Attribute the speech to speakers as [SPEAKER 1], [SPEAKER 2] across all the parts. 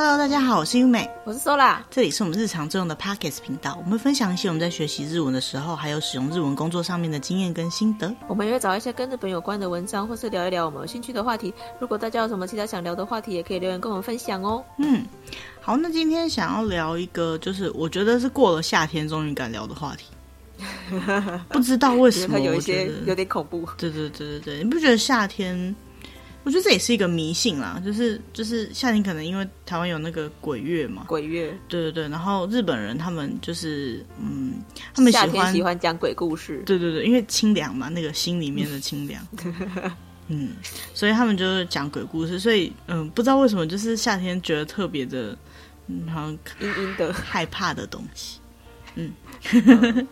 [SPEAKER 1] Hello，大家好，我是優美，我是 Sola，這裡是我們日常作用的 Podcast 頻道。我們會分享一些我們在學習日文的時候，還有使用日文工作上面的經驗跟心得。
[SPEAKER 2] 我們也會找一些跟日本有關的文章，或是聊一聊我們有興趣的話題。如果大家有什麼其他想聊的話題，也可以留言跟我們分享哦。嗯，
[SPEAKER 1] 好，那今天想要聊一個，就是我覺得是過了夏天終於敢聊的話題。
[SPEAKER 2] 不知道為什麼，它有一些
[SPEAKER 1] 有點恐怖。對對對對對，你不覺得夏天？我覺得這也是一個迷信啦，就是就是夏天可能因為台灣有那個鬼月嘛，鬼月，對對對，然後日本人他們就是嗯，他們喜歡夏天喜歡
[SPEAKER 2] 講鬼故事，
[SPEAKER 1] 對對對，因為清涼嘛，那個心裡面的清涼，
[SPEAKER 2] 嗯，
[SPEAKER 1] 所以他們就是講鬼故事，所以嗯，不知道為什麼就是夏天覺得特別的嗯，好像陰陰的害怕的東西，嗯。 嗯、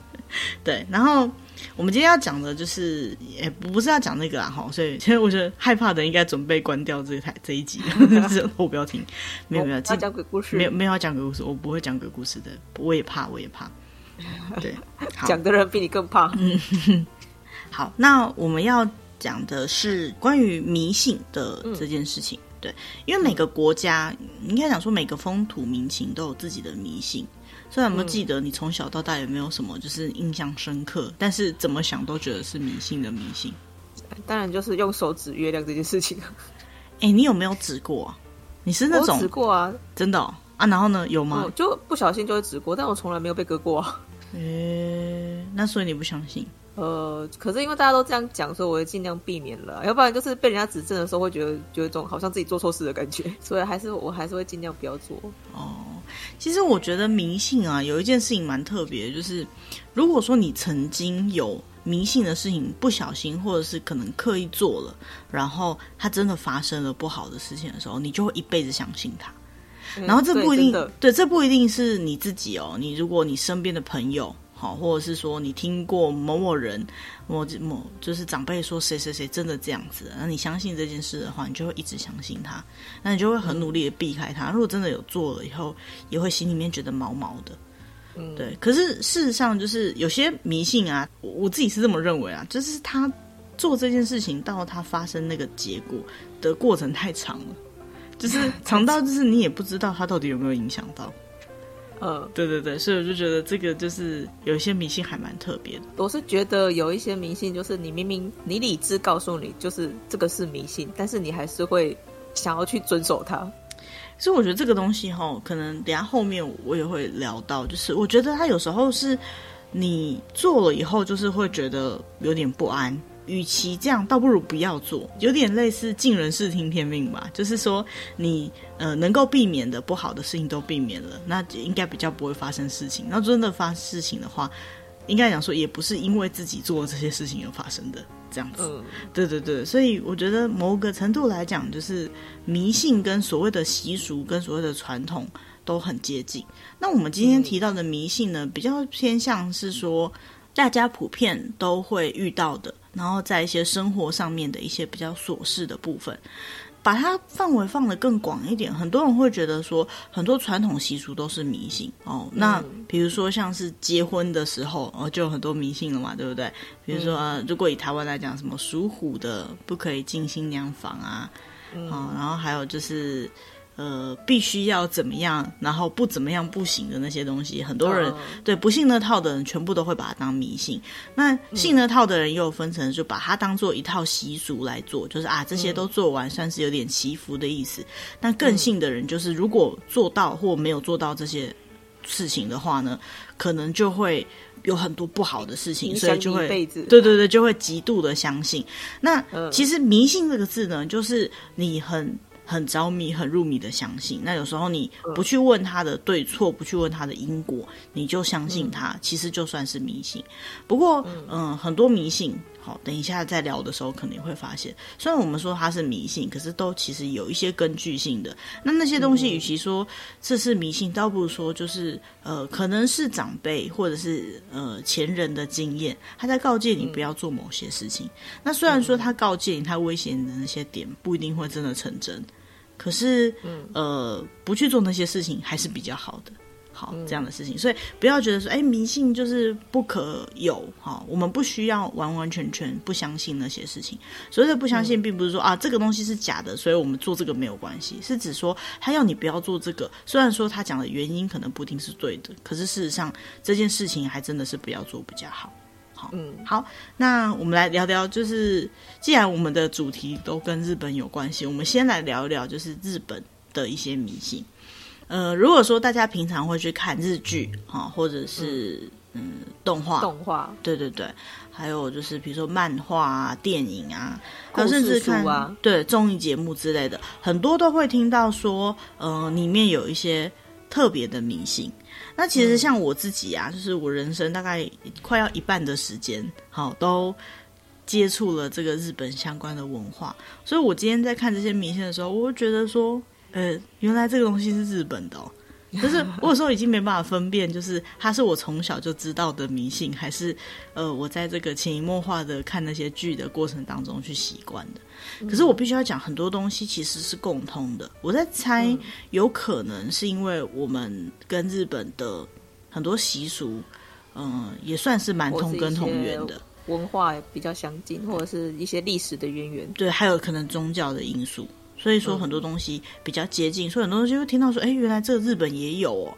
[SPEAKER 1] 對，然後我們今天要講的就是，也、欸、不是要講那個啊哈，所以其實我覺得害怕的人應該準備關掉這台這一集， 我不要聽，沒有沒有，啊、要講鬼故事，沒有沒有要講鬼故事，我不會講鬼故事的，我也怕，我也怕。也怕對，講 的
[SPEAKER 2] 人比你更怕。嗯、 好，
[SPEAKER 1] 那我們要講的是關於迷信的這件事情、嗯，對，因為每個國家、嗯、應該講說每個風土民情都有自己的迷信。雖然有沒有記得你從小到大有沒有什麼就是印象深刻、嗯？但是怎麼想都覺得是迷信的
[SPEAKER 2] 迷信。當然就是用手指月亮這件事情。哎、
[SPEAKER 1] 欸，你有沒有指過、啊？你是那種指
[SPEAKER 2] 過啊？真的、喔、
[SPEAKER 1] 啊？然後呢？有嗎？我就
[SPEAKER 2] 不小心就會指過，但我從來沒有被割過、啊。哎、欸、那所以
[SPEAKER 1] 你不相信？
[SPEAKER 2] 呃，可是因為大家都這樣講，所以我會盡量避免了、啊，要不然就是被人家指正的時候，會覺得有一種好像自己做錯事的感覺，所以還是我還是會盡量不要做。哦，
[SPEAKER 1] 其實我覺得迷信啊，有一件事情蠻特別的，就是如果說你曾經有迷信的事情，不小心或者是可能刻意做了，然後它真的發生了不好的事情的時候，你就會一輩子相信它。然後這不一定，嗯、對、對，這不一定是你自己哦、喔，你如果你身邊的朋友。好，或者是說你聽過某某人、某某就是長輩說誰誰誰真的這樣子的，那你相信這件事的話，你就會一直相信他，那你就會很努力的避開他。嗯、如果真的有做了以後，也會心裡面覺得毛毛的，嗯、對。可是事實上就是有些迷信啊我，我自己是這麼認為啊，就是他做這件事情到他發生那個結果的過程太長了，
[SPEAKER 2] 就是長到就是你也不知道他到底有沒有影響到。
[SPEAKER 1] 呃、嗯，對對對，所以我就覺得這個就是有一些迷信還蠻特別的。
[SPEAKER 2] 我是覺得有一些迷信，就是你明明你理智告訴你就是這個是迷信，但是你還是會想要去遵守它。所以我覺得這個東西哈、哦，可能等下後面我也會聊到，就是我
[SPEAKER 1] 覺得他有時候是你做了以後，就是會覺得有點不安。與其這樣，倒不如不要做，有點類似盡人事聽天命吧。就是說，你呃能夠避免的不好的事情都避免了，那應該比較不會發生事情。那真的發事情的話，應該講說也不是因為自己做這些事情而發生的，這樣子，呃。對對對，所以我覺得某個程度來講，就是迷信跟所謂的習俗跟所謂的傳統都很接近。那我們今天提到的迷信呢，嗯、比較偏向是說大家普遍都會遇到的。然後在一些生活上面的一些比較瑣事的部分，把它範圍放得更廣一點，很多人會覺得說，很多傳統習俗都是迷信哦。那比如說像是結婚的時候，哦，就有很多迷信了嘛，對不對？比如說，啊，如果以台灣來講，什麼屬虎的不可以進新娘房啊，嗯、哦，然後還有就是。呃，必須要怎麼樣，然後不怎麼樣不行的那些東西，很多人、oh. 對不信那套的人，全部都會把它當迷信。那、嗯、信那套的人又分成就把它當做一套習俗來做，就是啊，這些都做完，算是有點祈福的意思。但、嗯、更信的人，就是如果做到或沒有做到這些事情的話呢，可能就會有很多不好的事情，所以就會、嗯、對對對，就會極度的相信。那、嗯、其實迷信這個字呢，就是你很。很着迷、很入迷的相信，那有時候你不去問他的對錯，不去問他的因果，你就相信他，嗯、其實就算是迷信。不過，嗯，嗯很多迷信。好，等一下再聊的時候，可能會發現，雖然我們說它是迷信，可是都其實都有一些根據性的。那那些東西，嗯、與其說這是迷信，倒不如說就是呃，可能是長輩或者是呃前人的經驗，他在告誡你不要做某些事情。嗯、那雖然說他告誡你、他威脅你的那些點不一定會真的成真，可是呃，不去做那些事情還是比較好的。好，這樣的事情，嗯，所以不要覺得說，哎、欸，迷信就是不可有。好，我們不需要完完全全不相信那些事情。所以這不相信，並不是說、嗯、啊，這個東西是假的，所以我們做這個沒有關係，是指說他要你不要做這個。雖然說他講的原因可能不一定是對的，可是事實上這件事情還真的是不要做比較好。
[SPEAKER 2] 好，嗯，
[SPEAKER 1] 好，那我們來聊聊，就是既然我們的主題都跟日本有關係，我們先來聊一聊，就是日本的一些迷信。呃，如果說大家平常會去看日劇啊，或者是嗯、嗯動畫、動畫，對對對，還有就是比如說漫畫、啊、電影啊，啊或者甚至看對綜藝節目之類的，很多都會聽到說，呃，裡面有一些特別的迷信。那其實像我自己啊，嗯、就是我人生大概快要一半的時間，好都接觸了這個日本相關的文化，所以我今天在看這些迷信的時候，我會覺得說。呃，原來這個東西是日本的哦，可是我有時候已經沒辦法分辨，就是它是我從小就知道的迷信，還是呃，我在這個潛移默化的看那些劇的過程當中去習慣的。可是我必須要講，很多東西其實是共通的。我在猜，有可能是因為我們跟日本的很多習俗，嗯、呃，也算是蠻同根同源的，
[SPEAKER 2] 文化比較相近，或者是一些歷史的淵源，
[SPEAKER 1] 對，還有可能宗教的因素。所以說很多東西比較接近，所以很多東西會聽到說：“哎、欸，原來這個日本也有哦。”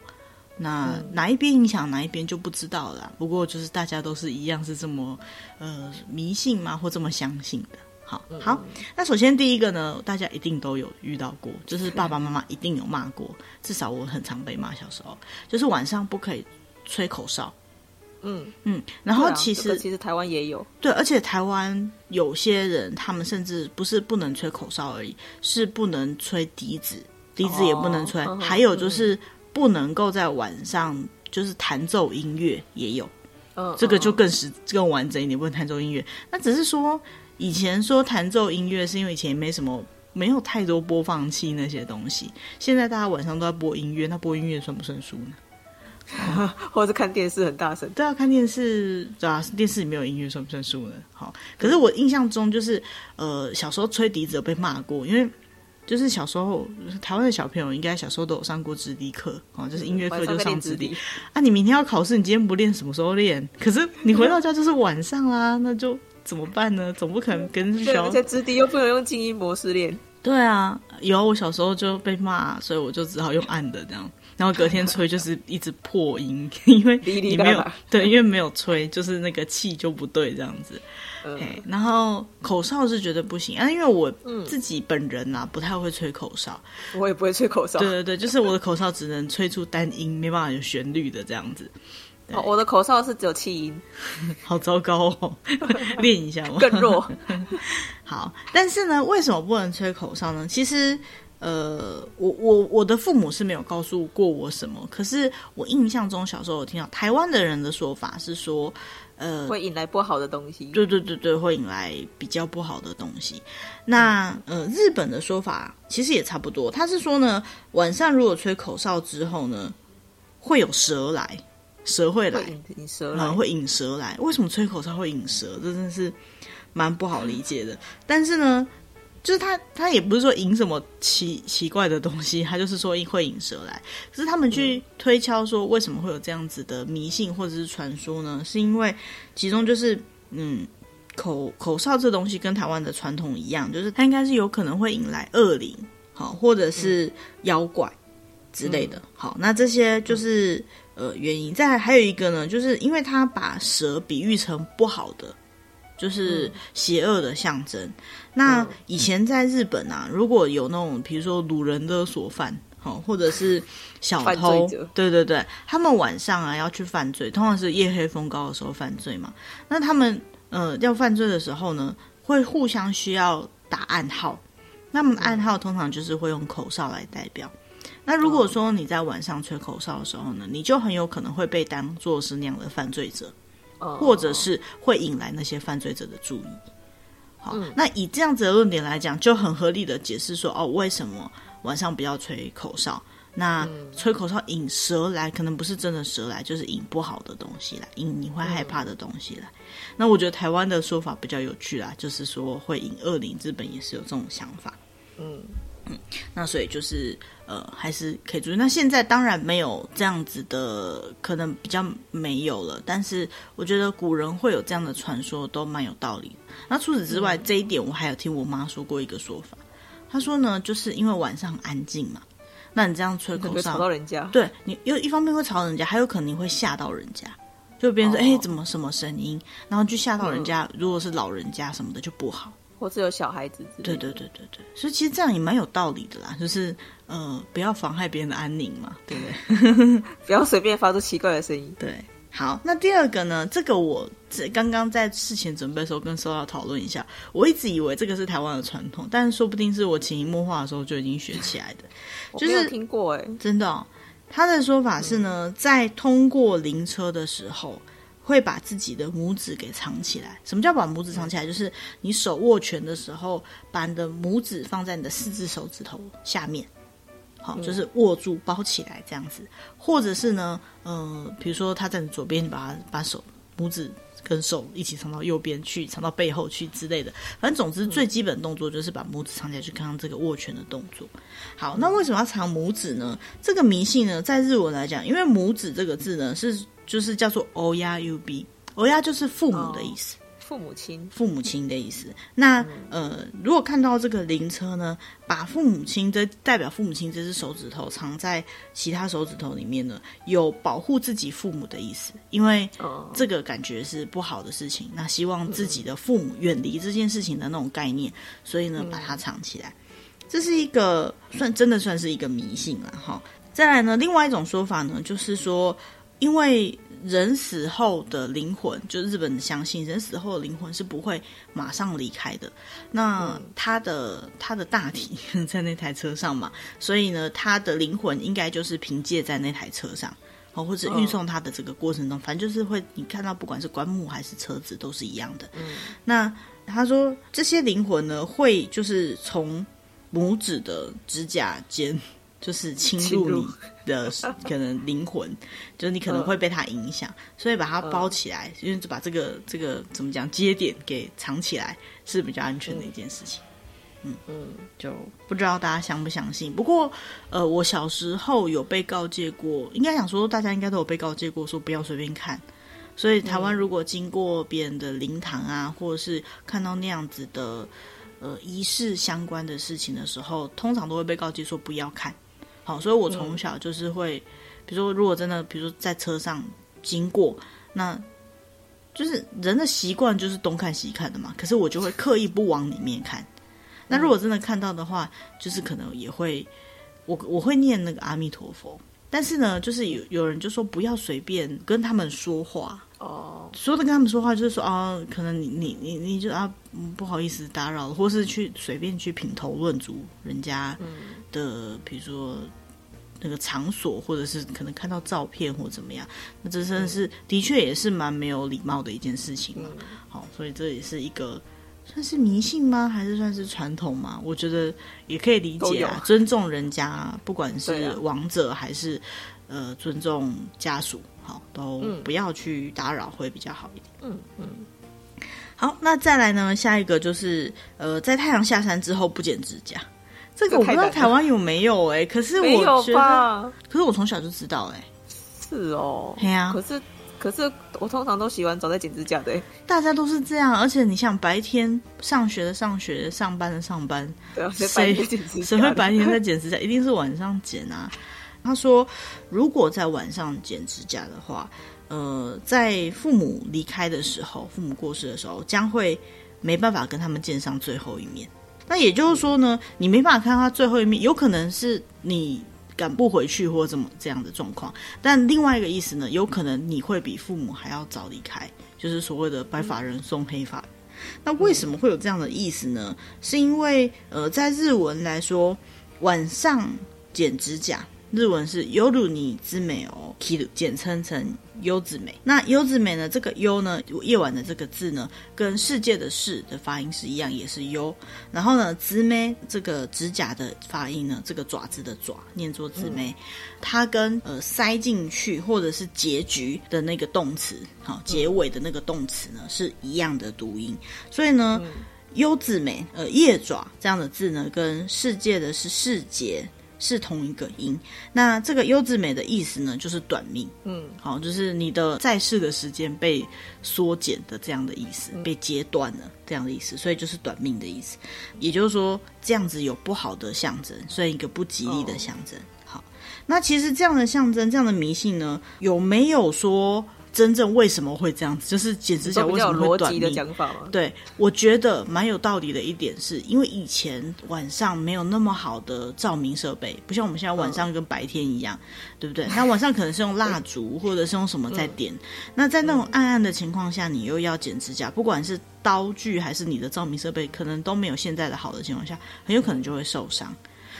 [SPEAKER 1] 那哪一邊影響哪一邊就不知道了。不過就是大家都是一樣是這麼呃迷信嘛，或這麼相信的。好好，那首先第一個呢，大家一定都有遇到過，就是爸爸媽媽一定有罵過，至少我很常被罵。小時候就是晚上不可以吹口哨。嗯嗯，然後其實、啊這
[SPEAKER 2] 個、其實台灣也有，
[SPEAKER 1] 對，而且台灣有些人他們甚至不是不能吹口哨而已，是不能吹笛子，笛子也不能吹，哦、還有就是不能夠在晚上就是彈奏音樂也有、
[SPEAKER 2] 嗯，這個
[SPEAKER 1] 就更是、嗯、更完整一點，不能彈奏音樂。那只是說以前說彈奏音樂是因為以前沒什麼，沒有太多播放器那些東西，現在大家晚上都在播音樂，那播音樂算不算數呢？ 或者是看電視很大聲，對啊，看電視，對啊，電視裡沒有音樂算不算數呢？好，可是我印象中就是，呃，小時候吹笛子被罵過，因為就是小時候台灣的小朋友應該小時候都有上過直笛課啊、哦，就是音樂課就上直笛，笛。啊，你明天要考試，你今天不練，什麼時候練？可是你回到家就是晚上啦， 那就怎麼辦呢？總不可能跟小而且直笛又不能用靜音模式練。對啊，有我小時候就被罵，所以我就只好用暗的這樣。然後隔天吹就是一直破音， 因為你沒有 對，因為沒有吹，就是那個氣就不對這樣子。呃欸、然後口哨是覺得不行啊，因為我自己本人吶、啊嗯、不太會吹口哨，我也不會吹口哨。對對對，就是我的口哨只能吹出單音， 沒辦法有旋律的這樣子。
[SPEAKER 2] 哦、我的口哨是只有氣音，
[SPEAKER 1] 好糟糕哦，練 一下，我更弱。 好，但是呢，為什麼不能吹口哨呢？其實。呃，我我我的父母是沒有告訴過我什麼，可是我印象中小時候有聽到台灣的人的說法是說，呃，會
[SPEAKER 2] 引來不好的東西。對對對對，會引來
[SPEAKER 1] 比較不好的東西。那呃，日本的說法其實也差不多，他是說呢，晚上如果吹口哨之後呢，會有蛇來，蛇會來，會引蛇來，然後會引蛇來。為什麼吹口哨會引蛇？這真是蠻不好理解的。但是呢。就是他，他也不是說引什麼奇奇怪的東西，他就是說會引蛇來。可是他們去推敲說，為什麼會有這樣子的迷信或者是傳說呢？是因為其中就是，嗯，口口哨這東西跟台灣的傳統一樣，就是它應該是有可能會引來惡靈，好，或者是妖怪之類的。好，那這些就是呃原因。再還有一個呢，就是因為他把蛇比喻成不好的。就是邪惡的象徵、嗯。那以前在日本啊，如果有那種，比如說擄人勒索犯，或者是小偷，對對對，他們晚上啊要去犯罪，通常是夜黑風高的時候犯罪嘛。那他們呃要犯罪的時候呢，會互相需要打暗號。那麼暗號通常就是會用口哨來代表。那如果說你在晚上吹口哨的時候呢，你就很有可能會被當做是那樣的犯罪者。或者是會引來那些犯罪者的注意。嗯、好，那以這樣子的論點來講，就很合理的解釋說，哦，為什麼晚上不要吹口哨？那吹口哨引蛇來，可能不是真的蛇來，就是引不好的東西來，引你會害怕的東西來、嗯。那我覺得台灣的說法比較有趣啦，就是說會引惡靈。日本也是有這種想法。嗯。嗯、那所以就是呃，還是可以注意。那現在當然沒有這樣子的，可能比較沒有了。但是我覺得古人會有這樣的傳說，都蠻有道理的。那除此之外、嗯，這一點我還有聽我媽說過一個說法，她說呢，就是因為晚上很安靜嘛，那你這樣吹口哨，吵到人家，對，你又一方面會吵人家，還有可能你會嚇到人家，就別人說，哎、哦欸，怎麼什麼聲音？然後就嚇到人家、嗯。如果是老人家什麼的，就不好。或是有小孩子之類的，對對對對對，所以其實這樣也蠻有道理的啦，就是呃，不要妨害別人的安寧嘛，對不對？ 不要隨便發出奇怪的聲音。對，好，那第二個呢？這個我這剛剛在事前準備的時候跟 Sora 討論一下，我一直以為這個是台灣的傳統，但說不定是我潛移默化的時候就已經學起來的，就是聽過哎、欸，真的、哦。他的說法是呢，在通過靈車的時候。嗯會把自己的拇指給藏起來。什麼叫把拇指藏起來？就是你手握拳的時候，把你的拇指放在你的四隻手指頭下面，好，就是握住、包起來這樣子。或者是呢，呃，比如說他在你左邊，你把把手拇指跟手一起藏到右邊去，藏到背後去之類的。反正總之，最基本動作就是把拇指藏起來。就剛剛這個握拳的動作。好，那為什麼要藏拇指呢？這個迷信呢，在日文來講，因為拇指這個字呢是。就是叫做歐亞 UB，歐亞就是父母的意思、
[SPEAKER 2] 哦，父母親，
[SPEAKER 1] 父母親的意思。那、嗯、呃，如果看到這個靈車呢，把父母親這代表父母親這只手指頭藏在其他手指頭裡面呢，有保護自己父母的意思，因為這個感覺是不好的事情。哦、那希望自己的父母遠離這件事情的那種概念，嗯、所以呢，把它藏起來，這是一個算真的算是一個迷信了哈。再來呢，另外一種說法呢，就是說。因為人死後的靈魂，就日本相信人死後的靈魂是不會馬上離開的。那他的、嗯、他的大體在那台車上嘛，所以呢，他的靈魂應該就是憑借在那台車上，或者運送他的這個過程中，哦、反正就是會你看到，不管是棺木還是車子，都是一樣的。嗯、那他說這些靈魂呢，會就是從拇指的指甲間。就是侵入你的可能靈魂， 就是你可能會被它影響、嗯，所以把它包起來，嗯、因為就把這個這個怎麼講，接點給藏起來是比較安全的一件事情。嗯嗯，就不知道大家相不相信。不過，呃，我小時候有被告誡過，應該想說大家應該都有被告誡過，說不要隨便看。所以，台灣如果經過別人的靈堂啊、嗯，或者是看到那樣子的呃儀式相關的事情的時候，通常都會被告誡說不要看。好，所以我從小就是會，嗯、比如說，如果真的，比如說在車上經過，那就是人的習慣就是東看西看的嘛。可是我就會刻意不往裡面看。那如果真的看到的話，嗯、就是可能也會，我我會念那個阿彌陀佛。但是呢，就是有有人就說不要隨便跟他們說話哦，說的跟他們說話就是說啊，可能你你你你就啊不好意思打擾，或是去隨便去品頭論足人家的，嗯、比如說。那個場所，或者是可能看到照片或怎麼樣，那這真的是的確也是蠻沒有禮貌的一件事情嘛。好，所以這也是一個算是迷信嗎？還是算是傳統嗎？我覺得也可以理解啊，尊重人家啊，不管是亡者還是呃尊重家屬，好，都不要去打擾，會比較好一點。嗯嗯。好，那再來呢？下一個就是呃，在太陽下山之後不剪指甲。
[SPEAKER 2] 這個我不知道台灣
[SPEAKER 1] 有沒有哎、
[SPEAKER 2] 欸，可是我沒有吧？可是我從小就知道哎、欸，是哦，呀、啊。可是可是我通常都喜歡早在剪指甲的、
[SPEAKER 1] 欸，大家都是這樣。而且你想白天上學的上學，上班的上班，
[SPEAKER 2] 誰誰、啊、會白天在剪指甲？一定
[SPEAKER 1] 是晚上剪啊。 他說，如果在晚上剪指甲的話，呃，在父母離開的時候、嗯，父母過世的時候，將會沒辦法跟他們見上最後一面。那也就是說呢，你沒辦法看到他最後一面，有可能是你趕不回去或怎麼這樣的狀況。但另外一個意思呢，有可能你會比父母還要早離開，就是所謂的白髮人送黑髮人。那為什麼會有這樣的意思呢？是因為呃，在日文來說，晚上剪指甲。日文是夜に爪を切る，簡稱成優子美。那優子美呢？這個優呢，夜晚的這個字呢，跟世界的世的發音是一樣，也是優。然後呢，子美這個指甲的發音呢，這個爪子的爪，念作子美、嗯。它跟呃塞進去或者是結局的那個動詞，好、喔、結尾的那個動詞呢，是一樣的讀音。所以呢，優子美呃夜爪這樣的字呢，跟世界的是世界。是同一個音，那這個“優質美”的意思呢，就是短命。嗯，好，就是你的在世的時間被縮減的這樣的意思、嗯，被截斷了這樣的意思，所以就是短命的意思。也就是說，這樣子有不好的象徵，算一個不吉利的象徵、哦。好，那其實這樣的象徵，這樣的迷信呢，有沒有說，真正為什麼會這樣子，就是剪指甲為什麼會短命？對，我覺得蠻有道理的一點是，是因為以前晚上沒有那麼好的照明設備，不像我們現在晚上跟白天一樣，嗯、對不對？那晚上可能是用蠟燭，嗯、或者是用什麼在點、嗯。那在那種暗暗的情況下，你又要剪指甲，不管是刀具還是你的照明設備，可能都沒有現在的好的情況下，很有可能就會受傷。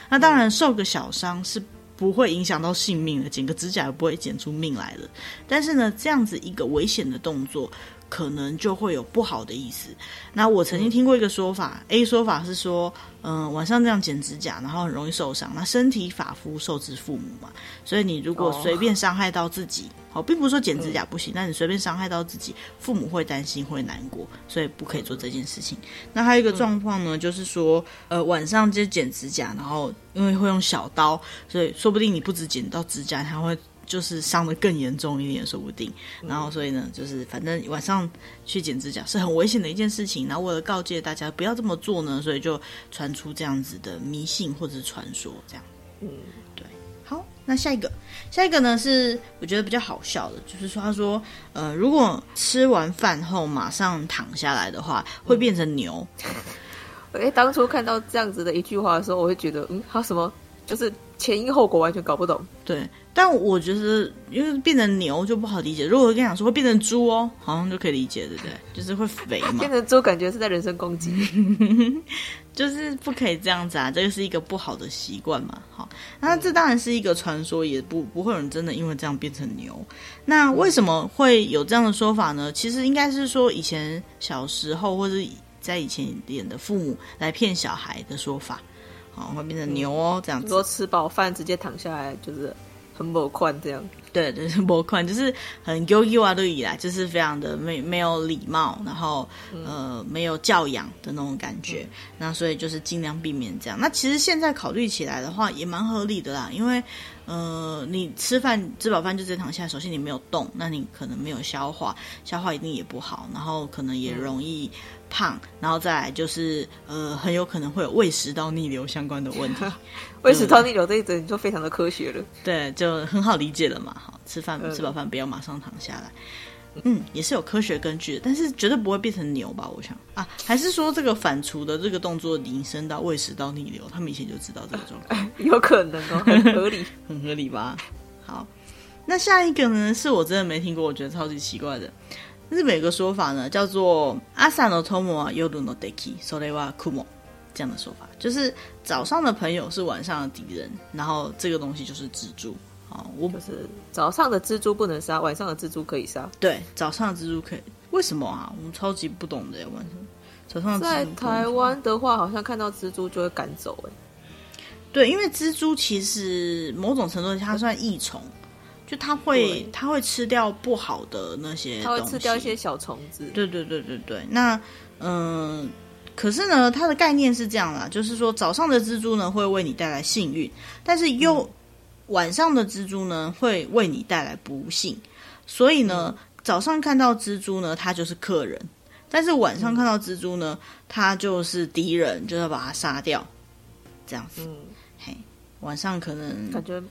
[SPEAKER 1] 那當然受個小傷是。不會影響到性命的，剪個指甲也不會剪出命來了。但是呢，這樣子一個危險的動作。可能就會有不好的意思。那我曾經聽過一個說法、嗯、A 說法是說，嗯、呃，晚上這樣剪指甲，然後很容易受傷。那身體髮膚受之父母嘛，所以你如果隨便傷害到自己，好、哦，並不是說剪指甲不行，那、嗯、你隨便傷害到自己，父母會擔心會難過，所以不可以做這件事情。那還有一個狀況呢、嗯，就是說，呃，晚上就剪指甲，然後因為會用小刀，所以說不定你不止剪到指甲，還會。就是傷得更嚴重一點，說不定。然後，所以呢，就是反正晚上去剪指甲是很危險的一件事情。然後，為了告誡大家不要這麼做呢，所以就傳出這樣子的迷信或者是傳說，這樣。嗯，對。好，那下一個，下一個呢是我覺得比較好笑的，就是說他說，呃，如果吃完飯後馬上躺下來的話，會變成牛。
[SPEAKER 2] 哎，當初看到這樣子的一句話的時候，我會覺得，嗯，他什麼？就是前因後果完全搞不懂。對。
[SPEAKER 1] 但我覺得是，因為變成牛就不好理解。如果我跟你講說會變成豬哦，好像就可以理解，對不對？就是會肥嘛。變
[SPEAKER 2] 成豬感覺是在人身攻
[SPEAKER 1] 擊， 就是不可以這樣子啊！這個是一個不好的習慣嘛。好，那這當然是一個傳說，也不不會有人真的因為這樣變成牛。那為什麼會有這樣的說法呢？其實應該是說以前小時候或者在以前演的父母來騙小孩的說法，好會變成牛哦，嗯，這樣子。多吃飽飯直接躺下來就是。很某款這樣，對對，很某款，就是很丟丟啊都以來，就是非常的沒沒有禮貌，然後、嗯、呃沒有教養的那種感覺，嗯、那所以就是盡量避免這樣。那其實現在考慮起來的話，也蠻合理的啦，因為呃你吃飯吃飽飯就直接躺下，首先你沒有動，那你可能沒有消化，消化一定也不好，然後可能也容易。嗯胖，然後再來就是呃，很有可能會有胃食道逆流相關的問題。 胃食道逆
[SPEAKER 2] 流這一則你就非常的科學了，對，就很好理解了嘛。好，吃飯吃飽飯
[SPEAKER 1] 不要馬上躺下來，嗯，也是有科學根據的，但是絕對不會變成牛吧？我想啊，還是說這個反芻的這個動作引申到胃食道逆流，他們以前就知道這個狀況， 有可能哦，很合理， 很合理吧？好，那下一個呢，是我真的沒聽過，我覺得超級奇怪的。日本有個說法呢，叫做朝の友は夜の敵、それは蜘蛛」，這樣的說法就是早上的朋友是晚上的敵人，然後這個東西就是蜘蛛。哦、嗯，我不、就是早上的蜘蛛不能殺，晚上的蜘蛛可以殺。對，早上的蜘蛛可以。為什麼啊？我們超級不懂的晚上。早上的蜘蛛。在台
[SPEAKER 2] 灣的話，好像看到蜘蛛就會趕走。
[SPEAKER 1] 對，
[SPEAKER 2] 因為蜘蛛其
[SPEAKER 1] 實某種程度它算益蟲。就他會，他會吃掉不好的那些，他會吃掉一些小蟲子。對對對對對。那嗯，可是呢，它的概念是這樣啦，就是說早上的蜘蛛呢會為你帶來幸運，但是又、嗯、晚上的蜘蛛呢會為你帶來不幸。所以呢、嗯，早上看到蜘蛛呢，它就是客人；但是晚上看到蜘蛛呢，它就是敵人，就是要把它殺掉。這樣子，嗯，嘿，晚上可
[SPEAKER 2] 能感覺。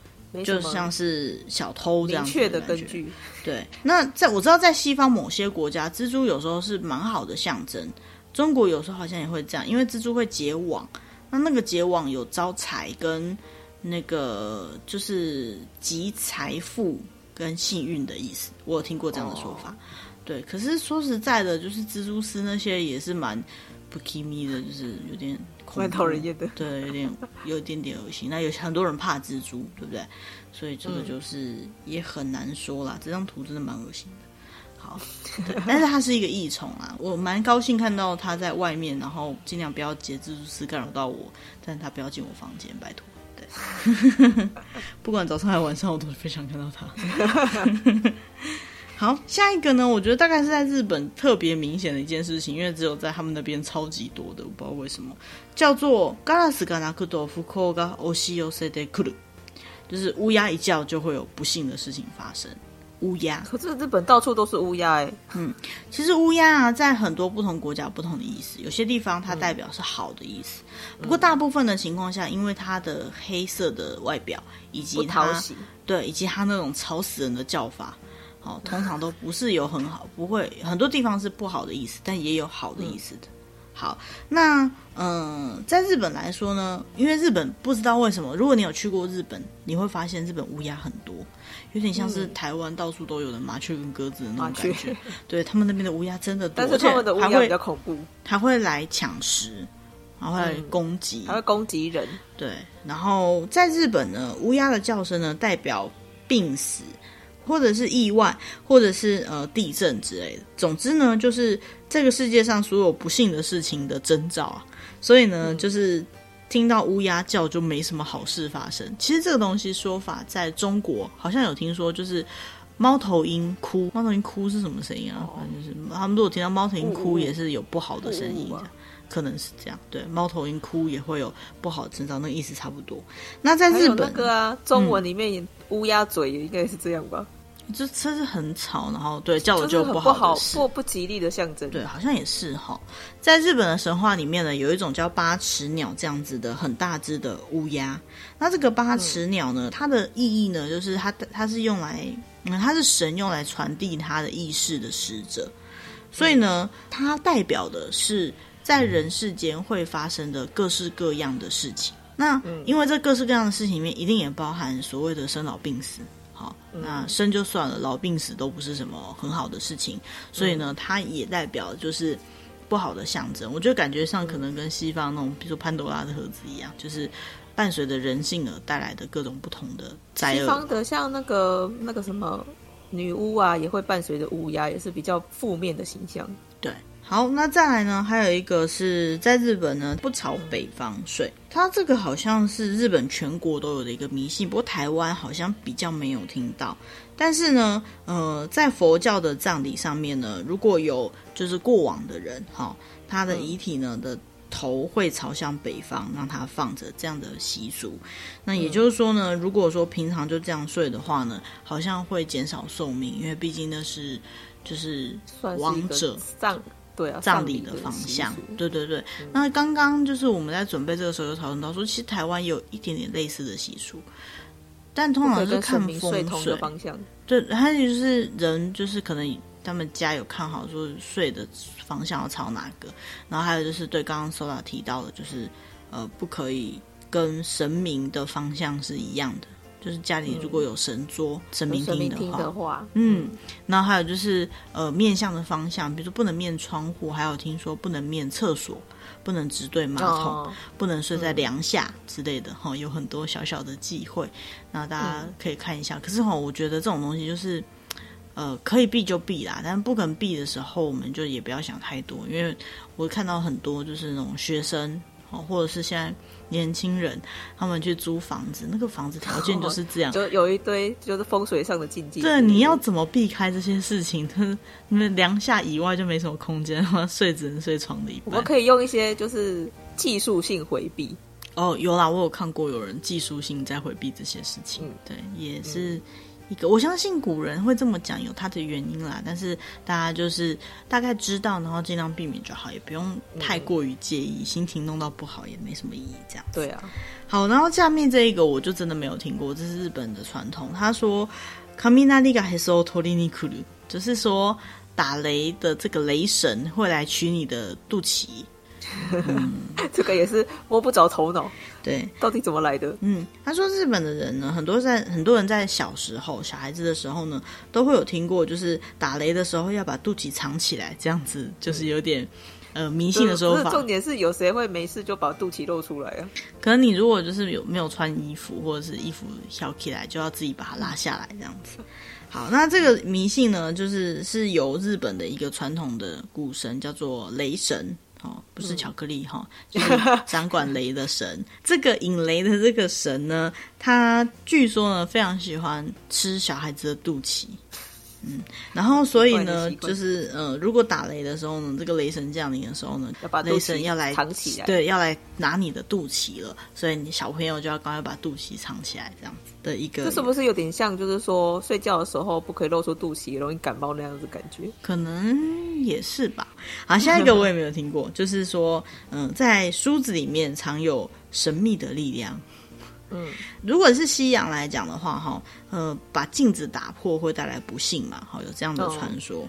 [SPEAKER 2] 就像
[SPEAKER 1] 是小偷這樣，明確的根據。對，那在我知道，在西方某些國家，蜘蛛有時候是蠻好的象徵。中國有時候好像也會這樣，因為蜘蛛會結網，那那個結網有招財跟那個就是集財富跟幸運的意思。我有聽過這樣的說法。對，可是說實在的，就是蜘蛛絲那些也是蠻。不親昵的就是有點，怪討人厭的，對，有點有一點點噁心。那有很多人怕蜘蛛，對不對？所以這個就是、嗯、也很難說啦。這張圖真的蠻噁心的。好，對 但是它是一個益蟲啊，我蠻高興看到它在外面，然後儘量不要結蜘蛛絲干擾到我，但它不要進我房間，拜託。對， 不管早上還是晚上，我都是非常想看到它。 好，下一個呢？我覺得大概是在日本特別明顯的一件事情，因為只有在他們那邊超級多的，我不知道為什麼叫做カラスが鳴くと不幸が押し寄せてくる，就是烏鴉一叫就會有不幸的事情發生。烏鴉？可是日本到處都是烏鴉哎、欸。嗯，其實烏鴉啊，在很多不同國家有不同的意思，有些地方它代表是好的意思、嗯。不過大部分的情況下，因為它的黑色的外表以及它不討喜，對，以及它那種吵死人的叫法。好，通常都不是有很好，不會很多地方是不好的意思，但也有好的意思的。嗯、好，那嗯、呃，在日本來說呢，因為日本不知道為什麼，如果你有去過日本，你會發現日本烏鴉很多，有點像是台灣到處都有的麻雀跟鴿子的那種感覺。嗯、對，他們那邊的烏鴉真的多，但是他們的烏鴉，而且還會比較恐怖，還會來搶食，還會來攻擊、嗯，還會
[SPEAKER 2] 攻擊人。對，
[SPEAKER 1] 然後在日本呢，烏鴉的叫聲呢，代表病死。或者是意外，或者是呃地震之類的。總之呢，就是這個世界上所有不幸的事情的徵兆啊。所以呢，嗯、就是聽到烏鴉叫，就沒什麼好事發生。其實這個東西說法在中國好像有聽說，就是貓頭鷹哭，貓頭鷹哭是什麼聲音啊？反、哦、正就是他們如果聽到貓頭鷹哭，也是有不好的聲音、啊嗯嗯，可能是這樣。對，貓頭鷹哭也會有不好的徵兆，那個、意思差不多。那在日本，那個
[SPEAKER 2] 啊，中文裡面烏鴉、嗯、嘴也應該是這樣吧？
[SPEAKER 1] 這車是很吵，然後對叫了就不好，就是、不
[SPEAKER 2] 好不吉利的象徵。對，好
[SPEAKER 1] 像也是哈。在日本的神話裡面呢，有一種叫八尺鳥這樣子的很大只的烏鴉。那這個八尺鳥呢，嗯、它的意義呢，就是它它是用來、嗯，它是神用來傳遞它的意識的使者、嗯。所以呢，它代表的是在人世間會發生的各式各樣的事情。那、嗯、因為這各式各樣的事情裡面，一定也包含所謂的生老病死。好，那生就算了，老病死都不是什麼很好的事情，所以呢，它也代表就是不好的象徵。我就感覺像可能跟西方那種，比如說潘多拉的盒子一樣，就是伴隨着人性而帶來的各種不同的災厄。西方
[SPEAKER 2] 的像那個那個什麼女巫啊，也會伴隨着烏鴉，也是比較負面的形象。
[SPEAKER 1] 好，那再來呢？還有一個是在日本呢，不朝北方睡。它這個好像是日本全國都有的一個迷信，不過台灣好像比較沒有聽到。但是呢，呃，在佛教的葬禮上面呢，如果有就是過往的人哈、哦，他的遺體呢的頭會朝向北方，讓他放着這樣的習俗。那也就是說呢，如果說平常就這樣睡的話呢，好像會減少壽命，因為畢竟那是就是
[SPEAKER 2] 亡者算是
[SPEAKER 1] 對、啊，葬禮的方向，對對對、嗯。那剛剛就是我們在準備這個時候，就討論到說，其實台灣也有一點點類似的習俗，
[SPEAKER 2] 但通常是看風水不的
[SPEAKER 1] 方向。對，還有就是人就是可能他們家有看好說睡的方向要朝哪個，然後還有就是對剛剛 Soda 提到的，就是呃不可以跟神明的方向是一樣的。就是家裡如果有神桌、嗯、神明廳的話，明的話嗯，嗯，然後還有就是呃，面向的方向，比如說不能面窗戶，還有聽說不能面廁所、不能直對馬桶，哦、不能睡在梁下之類的哈、嗯，有很多小小的忌諱，那大家可以看一下。嗯、可是哈，我覺得這種東西就是呃，可以避就避啦，但不可能避的時候，我們就也不要想太多，因為我看到很多就是那種學生，或者是現在。年輕人他們去租房子，那個房子條件就是這樣，就
[SPEAKER 2] 有一堆就是風水上的禁忌。對，嗯、你
[SPEAKER 1] 要怎麼避開這些事情？那兩下以外就沒什麼空間，睡只能睡床的一半。我們
[SPEAKER 2] 可以用一些就是技術性回避。哦、oh,，有啦，我有看過有人技術性在回避
[SPEAKER 1] 這些事情，嗯、對，也是。嗯一個，我相信古人會這麼講，有他的原因啦。但是大家就是大概知道，然後儘量避免就好，也不用太過於介意、嗯，心情弄到不好也沒什麼意義。這樣對啊。好，然後下面這一個我就真的沒有聽過，這是日本的傳統。他說，雷がへそを取りにくる，就是說打雷的這個雷神會來取你的肚臍、 嗯。這個也是摸不着頭腦。對，到底怎麼來的？嗯，他說日本的人呢，很多在很多人在小時候、小孩子的時候呢，都會有聽過，就是打雷的時候要把肚臍藏起來，這樣子就是有點、嗯、呃迷信的說法。重
[SPEAKER 2] 點是有誰會沒事就把肚臍露出來
[SPEAKER 1] 啊？可能你如果就是有沒有穿衣服，或者是衣服翹起來，就要自己把它拉下
[SPEAKER 2] 來這樣子。
[SPEAKER 1] 好，那這個迷信呢，就是是由日本的一個傳統的古神叫做雷神。哦，不是巧克力哈，嗯，哦，就是掌管雷的神。 這個引雷的這個神呢，他據說呢非常喜歡吃小孩子的肚臍。嗯，然後所以呢，就是呃，如果打雷的時候呢，這個雷神降臨的時候呢，要把雷神要來藏起來，對，要來
[SPEAKER 2] 拿你的肚臍了，所以你小朋友就要剛剛要把肚臍藏起來，這樣
[SPEAKER 1] 子的一個。這是不
[SPEAKER 2] 是有點像，就是說睡覺的時候不可以露出肚臍，容易感冒那樣子的感覺？可能也是吧。好，下一個我
[SPEAKER 1] 也沒有聽過， 就是說，嗯、呃，在梳子裡面藏有神秘的力量。嗯，如果是西洋來講的話，哈，呃，把鏡子打破會帶來不幸嘛？哈，有這樣的傳說。哦，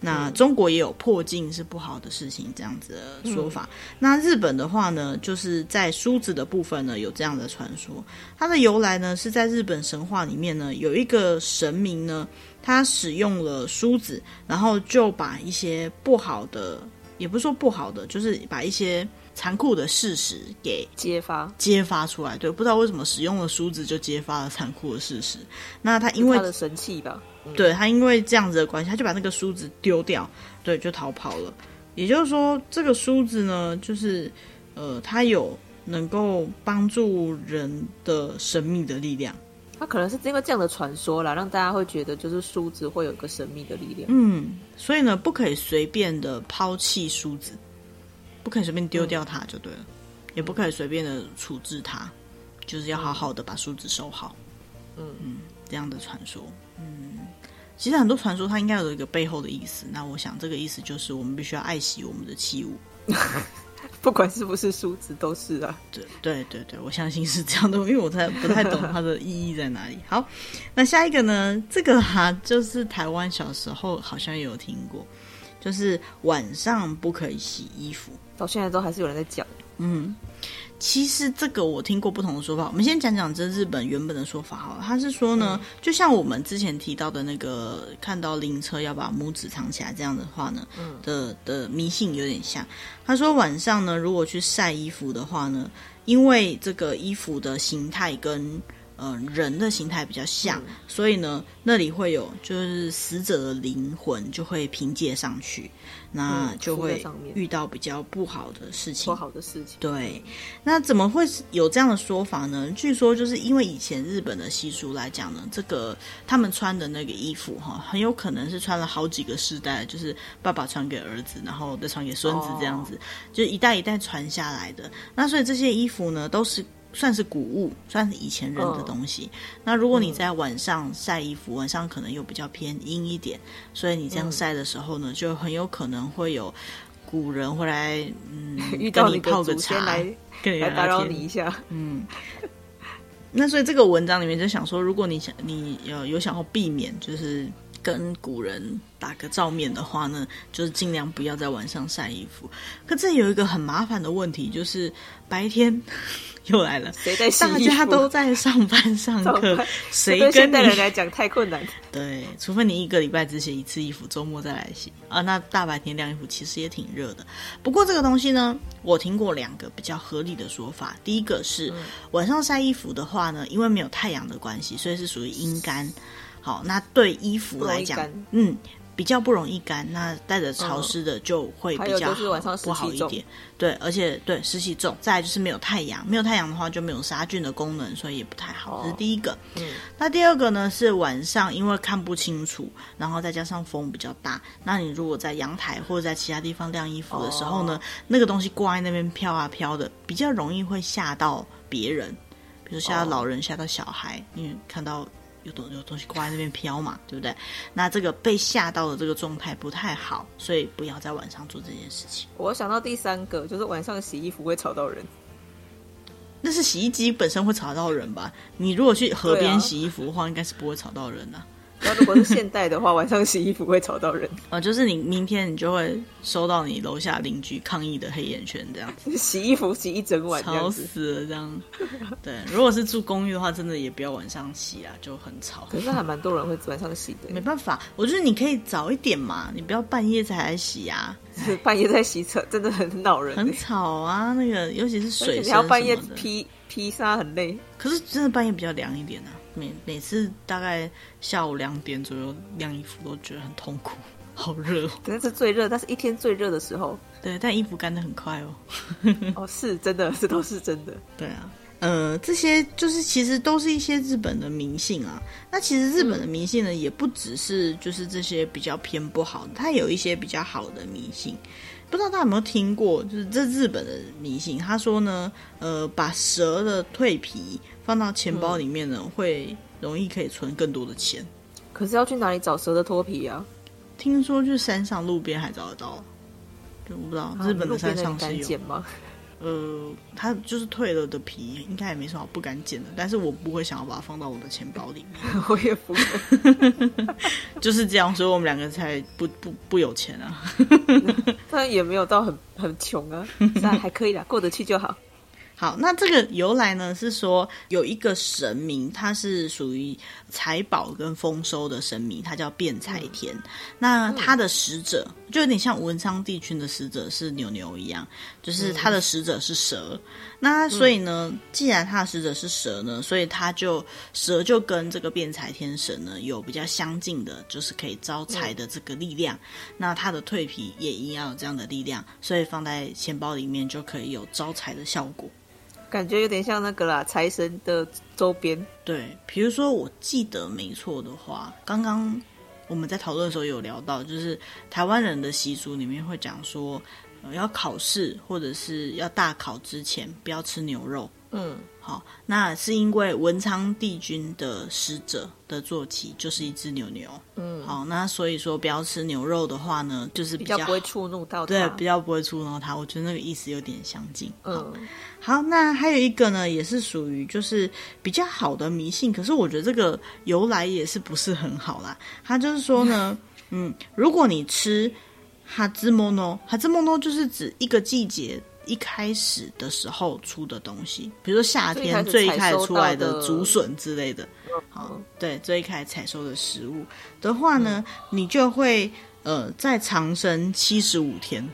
[SPEAKER 1] 那中國也有破鏡是不好的事情這樣子的說法，嗯。那日本的話呢，就是在梳子的部分呢，有這樣的傳說。它的由來呢是在日本神話裡面呢，有一個神明呢，他使用了梳子，然後就把一些不好的，也不是說不好的，就是把一些。殘酷的事實給揭發，揭發出來。對，不知道為什麼使用了梳子就揭發了殘酷的事實。那他因為他的神器吧，對，他因為這樣子的關係，他就把那個梳子丟掉，對，就逃跑了。也就是說，這個梳子呢，就是呃，他有能夠幫助人的神秘的力
[SPEAKER 2] 量。他可能是因為這樣的傳說啦，讓大家會覺得就是梳子會有一個神秘的力量。嗯，所
[SPEAKER 1] 以呢，不可以隨便的拋棄梳子。不可以隨便丟掉它就對了，嗯、也不可以隨便的處置它，嗯，就是要好好的把梳子收好。嗯嗯，這樣的傳說，嗯，其實很多傳說它應該有一個背後的意思。那我想這個意思就是我們必須要愛惜我們的器物，不管是不是梳子都是啊。對對對對，我相信是這樣的，因為我太不太懂它的意義在哪裡。好，那下一個呢？這個哈、啊、就是台灣小時候好像也有聽過，就是晚上不可以洗衣服。到現在都還是有人在
[SPEAKER 2] 講，
[SPEAKER 1] 嗯，其實這個我聽過不同的說法，我們先講講這日本原本的說法好了。他是說呢、嗯，就像我們之前提到的那個，看到靈車要把拇指藏起來這樣的話呢，嗯、的的迷信有點像。他說晚上呢，如果去曬衣服的話呢，因為這個衣服的形態跟嗯、呃，人的形態比較像、嗯，所以呢，那裡會有就是死者的靈魂就會憑借上去，那就會遇到比較不好的事情。不好的事情。對，那怎麼會有這樣的說法呢？據說就是因為以前日本的習俗來講呢，這個他們穿的那個衣服哈，很有可能是穿了好幾個世代，就是爸爸傳給兒子，然後再傳給孫子這樣子，哦，就一代一代傳下來的。那所以這些衣服呢，都是。算是古物，算是以前人的東西。嗯、那如果你在晚上曬衣服，嗯、晚上可能又比較偏陰一點，所以你這樣曬的時候呢，嗯、就很有可能會有古人會來，嗯，跟你泡個茶你來
[SPEAKER 2] 跟你來，來打擾你一
[SPEAKER 1] 下。嗯，那所以這個文章裡面就想說，如果你想你有有想要避免，就是跟古人打個照面的話呢，就是盡量不要在晚上曬衣服。可這有一個很麻煩的問題，就是白天。又來了，大家都在上班上課，誰跟你現代人來
[SPEAKER 2] 講太困難？
[SPEAKER 1] 對，除非你一個禮拜只洗一次衣服，周末再來洗啊。那大白天晾衣服其實也挺熱的。
[SPEAKER 2] 不過這個東西呢，
[SPEAKER 1] 我聽過兩個比較合理的說法。第一個是、嗯、晚上曬衣服的話呢，因為沒有太陽的關係，所以是屬於陰乾。好，那對衣服來講，嗯。比較不容易乾，那帶着潮濕的就會比較好、嗯、不好一點。對，而且對濕氣重，再來就是沒有太陽，沒有太陽的話就沒有殺菌的功能，所以也不太好。這、哦、是第一個、嗯。那第二個呢是晚上，因為看不清楚，然後再加上風比較大，那你如果在陽台或者在其他地方晾衣服的時候呢，哦、那個東西掛在那邊飄啊飄的，比較容易會嚇到別人，比如嚇到老人、嚇、哦、到小孩，因為看到。有東西掛在那邊飄嘛，對不對？那這個被嚇到的這個狀態不太好，所以不要在晚上做這件事情。
[SPEAKER 2] 我想到第三個，就是晚上洗衣服會吵到人。
[SPEAKER 1] 那是洗衣機本身會吵到人吧？你如果去河邊洗衣服的話，對啊，應該是不會吵到人啊。那如果是現代的話，晚上洗衣服會吵到人啊，就是你明天你就會收到你樓下鄰居抗議的黑眼圈，這樣子。
[SPEAKER 2] 洗衣服洗一整個晚上，吵死了這樣。對，
[SPEAKER 1] 如果是住公寓的話，真的也不要晚上洗啊，就很吵。可是還蠻多人會晚上洗的。沒辦法，我覺得你可以早一點嘛，你不要半夜才來洗啊。就是、半夜在洗
[SPEAKER 2] 車真的很惱人，很
[SPEAKER 1] 吵啊。那個尤其是水，你要半夜披披沙很累。可是真的半夜比較涼一點呢、啊。每每次大概下午兩點左右晾衣服都覺得很痛苦，好熱
[SPEAKER 2] 喔。那是最熱，但是一天最熱的時候。對，但衣服乾得很快哦。 哦，是真的，這都是真的。對啊。
[SPEAKER 1] 呃，這些就是其實都是一些日本的迷信啊。那其實日本的迷信呢，嗯、也不只是就是這些比較偏不好的，它也有一些比較好的迷信。不知道大家有沒有聽過，就是這日本的迷信，他說呢，呃，把蛇的蛻皮放到錢包裡面呢、嗯，會容易可以存更多的錢。可是要去哪裡找蛇的脫皮啊？聽說去山上路邊還找得到。我不知道、啊、日本的山上是有的，你路邊才敢撿嗎？呃，他就是退了的皮，應該也沒什麼不敢撿的，但是我不會想要把它放到我的錢包裡面，我也不會。 就是這樣，所以我們兩個才不不不有錢啊， 但
[SPEAKER 2] 也沒有到很很窮啊， 那還可以啦，過得去就好。好，那這個由來呢是說有一個神明，他
[SPEAKER 1] 是屬於財寶跟豐收的神明，他叫弁財天。那他的使者、嗯、就有點像文昌帝君的使者是牛牛一樣，就是他的使者是蛇、嗯。
[SPEAKER 2] 那所以呢，
[SPEAKER 1] 既然他的使者是蛇呢，所以他就蛇就跟這個弁財天神呢有比較相近的，就是可以招財的這個力量。嗯、那它的蛻皮也一樣有這樣的力量，所以放在錢包裡面就可以有招財的效果。
[SPEAKER 2] 感覺有點像那個啦，財神的週邊。對，
[SPEAKER 1] 比如說我記得沒錯的話，剛剛我們在討論的時候有聊到，就是台灣人的習俗裡面會講說，呃，要考試或者是要大考之前不要吃牛肉。嗯，好，那是因為文昌帝君的使者，的坐騎就是一只牛牛。嗯，好，那所以說不要吃牛肉的話呢，就是比較，比較不會觸
[SPEAKER 2] 怒到他。對，比
[SPEAKER 1] 較不會觸怒到它。我覺得那個意思有點相近。嗯。好，好，那還有一個呢，也是屬於就是比較好的迷信，可是我覺得這個由來也是不是很好啦。他就是說呢，嗯，嗯，如果你吃哈茲莫諾，哈茲莫諾就是指一個季節。一開始的時候出的東西，比如說夏天一最一開始出來的竹筍之類的，嗯，好，對，最一開始採收的食物的話呢，嗯，你就會呃再長生七十五天，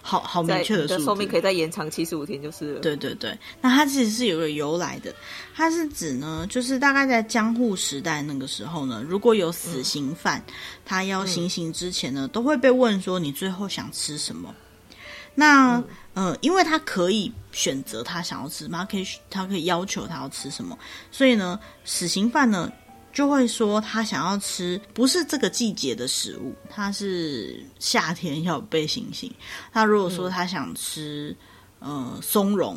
[SPEAKER 1] 好好明確的數字，你的壽命可以
[SPEAKER 2] 再延長七十五天，就是對
[SPEAKER 1] 對對。那它其
[SPEAKER 2] 實是有個由
[SPEAKER 1] 來的，它是指呢，就是大概在江戶時代那個時候呢，如果有死刑犯他，嗯，要行刑之前呢，嗯，都會被問說你最後想吃什麼。那、嗯、呃，因為他可以選擇他想要吃什麼，他可以他可以要求他要吃什麼，所以呢，死刑犯呢就會說他想要吃不是這個季節的食物，他是夏天要被行刑。那如果說他想吃、嗯、呃松茸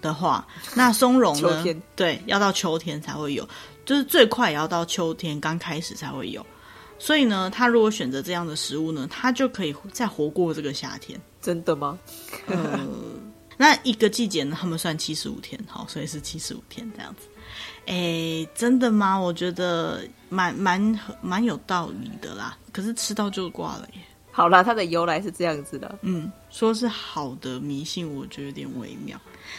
[SPEAKER 1] 的話，那松茸呢秋天，對，要到秋天才會有，就是最快也要到秋天剛開始才會有。所以呢，他如果選擇這樣的食物呢，他就可以再活過這個夏天。真的嗎、 呃？那一個季節呢？他們算七十五天，好，所以是七十五天這樣子。哎，真的嗎？我覺得蠻蠻蠻有道理的啦。可是吃到就
[SPEAKER 2] 掛了耶。好了，它的由來是這樣子的。
[SPEAKER 1] 嗯，說是好的迷信，我覺得有點微妙。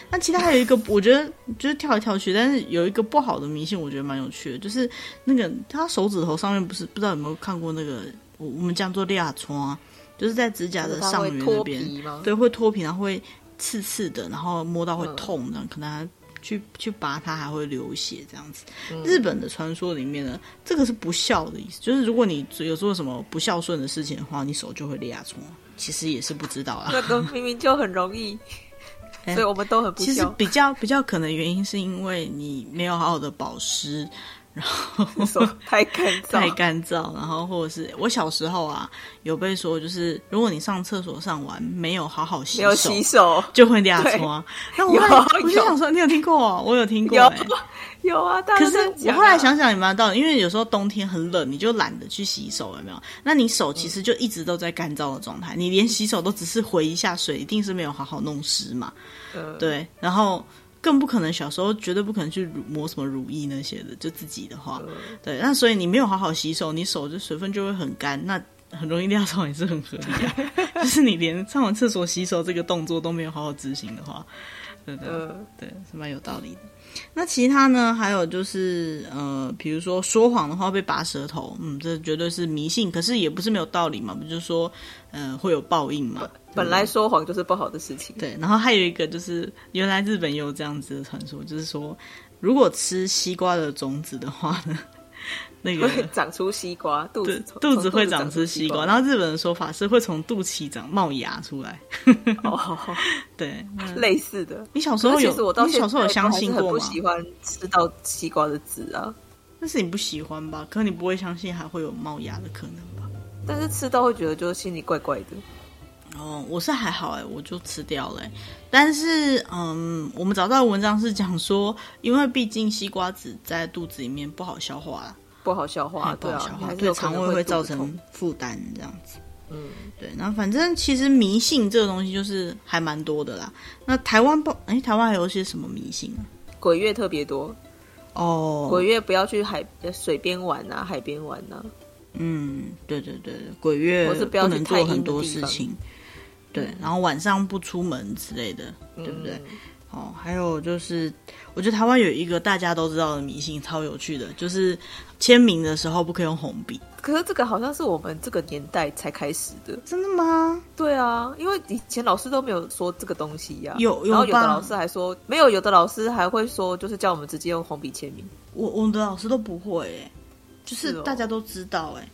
[SPEAKER 1] 那其他還有一個， 我覺得就是跳來跳去，但是有一個不好的迷信，我覺得蠻有趣的，就是那個他手指頭上面不是不知道有沒有看過那個，我我們叫做裂瘡啊。就是在指甲的上緣那邊，對，會脫皮，然後會刺刺的，然後摸到會痛的、嗯，可能還去去拔它還會流血這樣子。嗯、日本的傳說裡面呢，這個是不孝的意思，就是如果你有做什麼不孝順的事情的話，你手就會裂牙蟲。其實也是不知道啊，那個
[SPEAKER 2] 明明就很容易、 欸，所以我們都很不孝。其實
[SPEAKER 1] 比較比較可能原因是因為你沒有好好的保濕。然後太乾燥，太乾燥。然後或者是我小時候啊，有被說就是，如果你上廁所上完沒有好好洗手，洗手就會這樣說。那我後來我就想說，你有聽過？我有聽過、欸，有有啊。但是我後來想想也蠻有道理，因為有時候冬天很冷，你就懶得去洗手，有沒有？那你手其實就一直都在乾燥的狀態，嗯、你連洗手都只是回一下水，一定是沒有好好弄濕嘛。嗯、對，然後。更不可能，小時候絕對不可能去抹什麼乳液那些的，就自己的話、嗯，對。那所以你沒有好好洗手，你手就水分就會很乾，那很容易尿床也是很合理的啊。。 就是你連上完廁所洗手這個動作都沒有好好執行的話。對，對對，呃、對，是蠻有道理的。那其他呢？還有就是，呃，比如說說謊的話會被拔舌頭，嗯，這絕對是迷信，可是也不是沒有道理嘛，不就是說，嗯、呃，會有報應嘛。本來
[SPEAKER 2] 說謊就是不好的事情。對，
[SPEAKER 1] 然後還有一個就是，原來日本也有這樣子的傳說，就是說，如果吃西瓜的種子的話呢？那個、會
[SPEAKER 2] 長出西瓜肚子，肚子會長出西瓜，然
[SPEAKER 1] 後日本人說法是會從肚臍長冒芽出來。哦， 對，類
[SPEAKER 2] 似的。你小時候有，你小時候有相信過嗎？不喜歡
[SPEAKER 1] 吃到西瓜的籽啊，那是你不喜歡吧？可是你不會相信還會有冒芽的可能吧？但是吃到會覺得就是心裡怪怪的。哦、嗯，我是還好哎、欸，我就吃掉嘞、欸。但是嗯，我們找到的文章是講說，因為畢竟西瓜籽在肚子裡面不好消化啦。不好消化、啊，對腸、啊、胃會，會造成負擔這樣
[SPEAKER 2] 子。嗯，
[SPEAKER 1] 對，那反正其實迷信這個東西就是還蠻多的啦。那台灣不，誒、欸，台灣有些什麼迷信啊？
[SPEAKER 2] 鬼月特別多
[SPEAKER 1] 哦，oh, 鬼月
[SPEAKER 2] 不要去海、水邊玩吶、啊，海邊玩吶、啊。
[SPEAKER 1] 嗯，對對對，鬼月我不能做很多事情、嗯。對，然後晚上不出門之類的，嗯、對不對？嗯哦，還有就是，我覺得台灣有一個大家都知道的迷信，超有趣的，就是簽名的時候不可以用紅筆。
[SPEAKER 2] 可是這個好像是我們這個年代才開始的，真的嗎？對啊，因為以前老師都沒有說這個東西呀、啊。有有有的老師還說沒有，有的老師還會說，就是叫我們直接用紅筆簽名。我我們
[SPEAKER 1] 的老師都不會、欸，哎，就是大家都知道、欸，哎、哦。